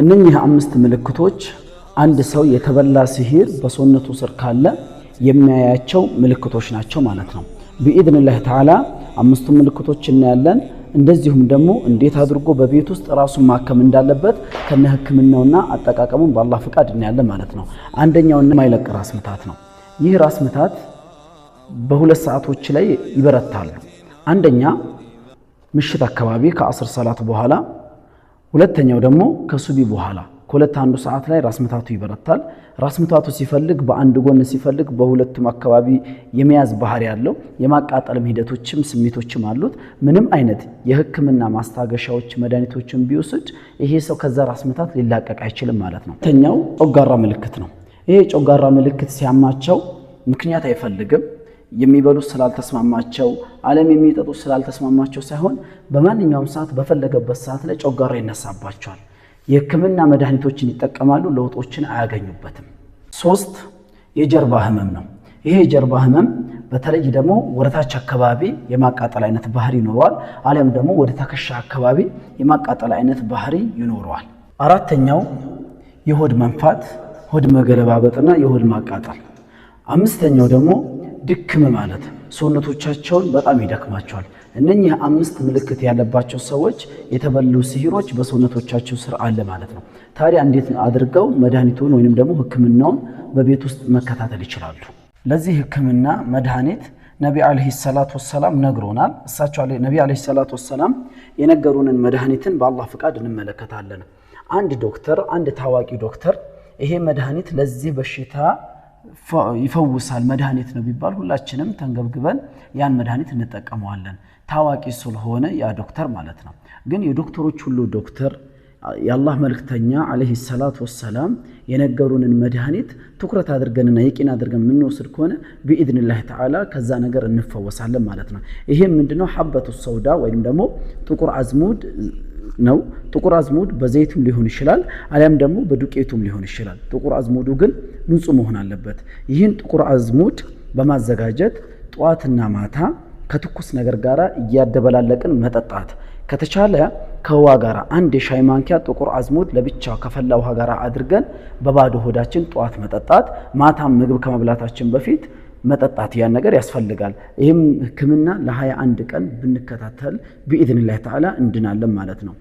እነኚህ አምስት ምልክቶች አንድ ሰው የተበላ ሲሂር በሰውነቱ ስር ካለ የሚያያቸው ምልክቶች ናቸው ማለት ነው። ቢኢድንላህ ተዓላ አምስቱ ምልክቶች እናያለን። እንደዚሁም ደግሞ እንዴት አድርጎ በቤት ውስጥ ራሱን ማከም እንዳለበት ከነ ህክምናውና አጠቃቀሙን በአላህ ፍቃድ እናያለን ማለት ነው። አንደኛው የማይለቅ ራስ ምታት ነው። ይህ ራስ ምታት በሁለት ሰዓቶች ላይ ይበረታሉ አንደኛ ምሽት አካባቢ ከአስር ሰላት በኋላ ሁለተኛው ደግሞ ከሱቢ በኋላ ከሁለት አንዱ ሰዓት ላይ ራስ ምታቱ ይበረታል። ራስ ምታቱ ሲፈልግ በአንድ ጎን ሲፈልግ በሁለቱም አካባቢ የመያዝ ባህሪ ያለው የማቃጠልም ሂደቶችም ስሜቶችም አሉት። ምንም አይነት የሕክምና ማስታገሻዎች መድኃኒቶችን ቢወስድ ይሄ ሰው ከዛ ራስ ምታት ሊላቀቅ አይችልም ማለት ነው። ተኛው ጮጋራ ምልክት ነው። ይሄ ጮጋራ ምልክት ሲያማቸው ምክንያት አይፈልግም የሚበሉት ስላልተስማማቸው ዓለም የሚጠጡት ስላልተስማማቸው ሳይሆን በማንኛውም ሰዓት በፈለገበት ሰዓት ላይ ጮጋራ ይነሳባቸዋል። የህክምና መድኃኒቶችን ይጠቀማሉ፣ ለውጦችን አያገኙበትም። ሶስት የጀርባ ህመም ነው። ይሄ የጀርባ ህመም በተለይ ደግሞ ወደታች አካባቢ የማቃጠል አይነት ባህሪ ይኖረዋል፣ አሊያም ደግሞ ወደ ትከሻ አካባቢ የማቃጠል አይነት ባህሪ ይኖረዋል። አራተኛው የሆድ መንፋት፣ ሆድ መገለባበጥና የሆድ ማቃጠል። አምስተኛው ደግሞ ድክም ማለት ሰውነቶቻቸውን በጣም ይደክማቸዋል። እነኚህ አምስት ምልክት ያለባቸው ሰዎች የተበሉ ሲሂሮች በሰውነቶቻቸው ስር አለ ማለት ነው። ታዲያ እንዴት አድርገው መድኃኒቱን ወይንም ደግሞ ሕክምናውን በቤት ውስጥ መከታተል ይችላሉ? ለዚህ ሕክምና መድኃኒት ነቢ ዓለይሂ ሰላት ወሰላም ነግሮናል። እሳቸው ነቢ ዓለይሂ ሰላት ወሰላም የነገሩንን መድኃኒትን በአላህ ፍቃድ እንመለከታለን። አንድ ዶክተር አንድ ታዋቂ ዶክተር ይሄ መድኃኒት ለዚህ በሽታ ይፈውሳል መድኃኒት ነው ቢባል ሁላችንም ተንገብግበን ያን መድኃኒት እንጠቀመዋለን። ታዋቂ ስለሆነ ያ ዶክተር ማለት ነው። ግን የዶክተሮች ሁሉ ዶክተር የአላህ መልክተኛ ዓለይሂ ሰላት ወሰላም የነገሩንን መድኃኒት ትኩረት አድርገንና የቂን አድርገን የምንወስድ ከሆነ ቢኢድንላህ ተዓላ ከዛ ነገር እንፈወሳለን ማለት ነው። ይሄም ምንድነው ሀበቱ ሰውዳ ወይም ደግሞ ጥቁር አዝሙድ ነው። ጥቁር አዝሙድ በዘይቱም ሊሆን ይችላል፣ አሊያም ደግሞ በዱቄቱም ሊሆን ይችላል። ጥቁር አዝሙዱ ግን ንጹህ መሆን አለበት። ይህን ጥቁር አዝሙድ በማዘጋጀት ጠዋትና ማታ ከትኩስ ነገር ጋር እያደበላለቅን መጠጣት ከተቻለ ከውሃ ጋር አንድ የሻይ ማንኪያ ጥቁር አዝሙድ ለብቻ ከፈላ ውሃ ጋር አድርገን በባዶ ሆዳችን ጠዋት መጠጣት፣ ማታም ምግብ ከመብላታችን በፊት መጠጣት ያን ነገር ያስፈልጋል። ይህም ህክምና ለ21 ቀን ብንከታተል ብኢዝንላህ ተዓላ እንድናለን ማለት ነው።